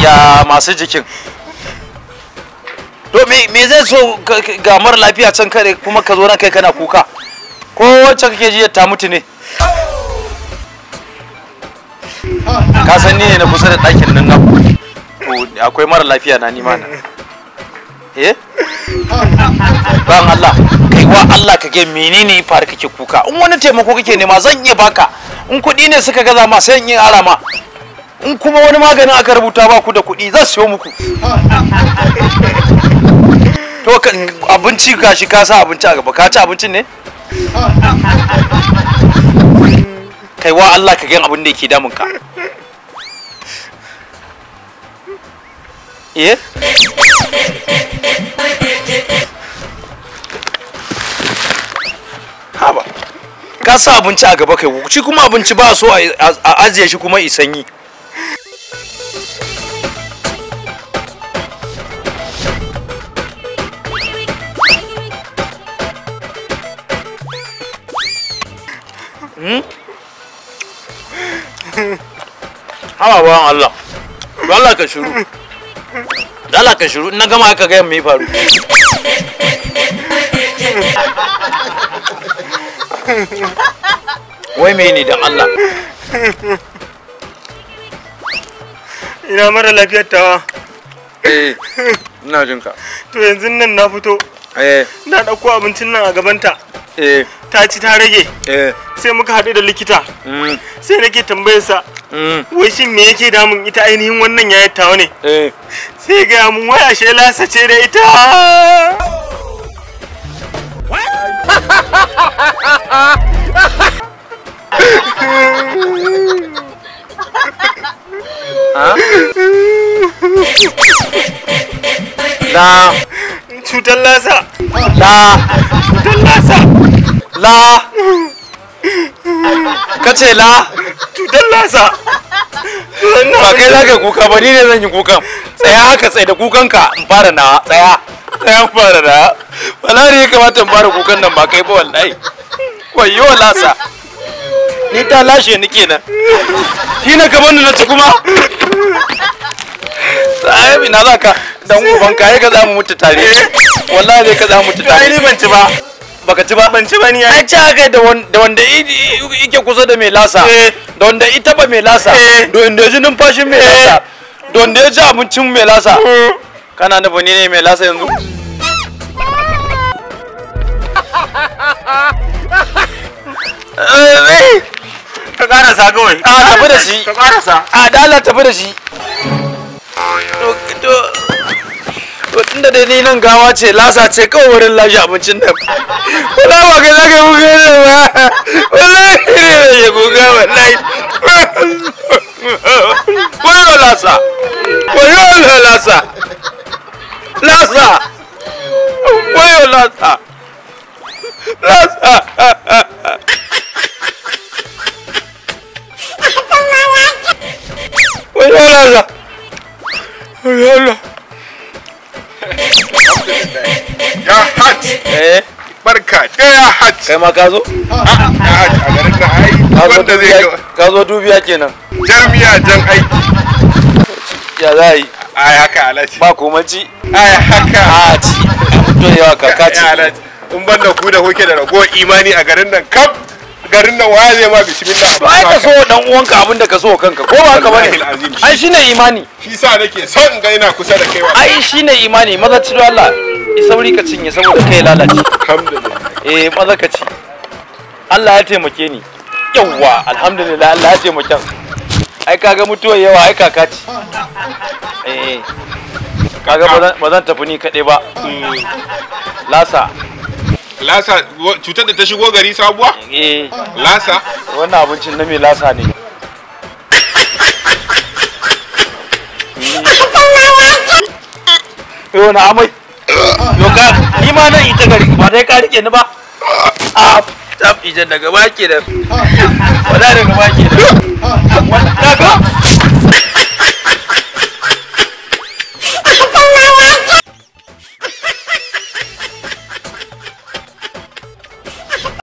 ya masu jikin to me zai so ga mara lafiya can kare kuma ka zo na kai kana kuka ko wacce kake ji ta mutu ne ka san ni ne na kusa da ɗakin nan na akwai mara lafiya na nima na eh ban Allah kai wa Allah ka ga menene faru kake kuka in wani taimako kake nema zan iya baka in kuɗi ne suka gaza ma sai in yi arama in kuma wani maganin aka rubuta ba ku da kuɗi zan siyo muku to abinci ka shi ka sa abinci a gaba ka ci abincin ne kai wa Allah ka gan abin da yake damun ka Yeah? ka sa abinci a gaba kai shi kuma abinci ba so a ajiye shi kuma isanyi hawa hmm? bawan Allah Allah ka shiru Allah ka shiru na gama aka gaya mai faru wai me ne Allah ina mara lafiyar tawa eh ina jin to yanzu nan na fito eh na ɗauko abincin nan a gabanta eh ta ci ta rage eh sai muka haɗu da likita mm. sai nake tambayar sa mm. wai shin me yake damun ita ainihin wannan yayar tawa ne eh sai ga mun waya shela sace da ita La cutar lasa La cutar lasa La Kace la cutar lasa Ba kai za ka kuka ba ni ne zan yi kukan Tsaya haka tsaye da ka. in fara nawa tsaya Tsaya in fara nawa Wala ne ya kamata in fara kukan nan ba kai ba wallahi wayo lasa ni ta lashe ni kenan shi na gaban da na ci kuma bi na za ka dan uban ka ka za mu mutu tare wallahi ne ka za mu mutu tare ni ban ci ba baka ci ba ban ci ba ni ai ci aka da wanda yake kusa da mai lasa eh. da wanda ita ba mai lasa eh. da wanda ji numfashin mai eh. lasa da wanda ji abincin mai lasa kana nufa ne mai lasa yanzu Ka sa kawai. A tafi da shi. Ka karasa. A dala tafi da shi. To tunda dai ni nan gawa ce lasa ce kawai wurin lashe abincin nan. Wala ba ka za ka yi kuka ne ba. Wallahi ne da ya kuka wallahi. Wayo lasa. Wayo lasa. Lasa. Wayo lasa. Wala Wala Ya hat Eh barka da ya hat Kai ma ka zo? A'a ya hat a garin da ai wanda zai ka zo dubiya kenan Jami'a jan aiki Ya za yi Ai haka alaji Ba komanci Ai haka a ci To yawa kaka ci in ban da ku da kuke da ragowar imani a garin nan kaf garin nan waya zai ma bismillah to ai ka so dan uwanka abin da ka so kanka ko ba haka bane ai shine imani shi sa nake son ga ina kusa da kaiwa ai shine imani maza ci Allah sauri ka cinye saboda kai lalace alhamdulillah eh maza ka ci Allah ya taimake ni yawwa alhamdulillah Allah ya taimake ai kaga mutuwar yawa ai kaka ce eh kaga ba zan tafi ni kaɗai ba hmm, lasa lasa cutar da ta shigo gari sabuwa eh. lasa wannan abincin na mai lasa ne Eh wani amai yoga ni ma nan ita gari ba dai ka rike ni ba a ah, tafi jan daga baki da wadda daga baki da wala daga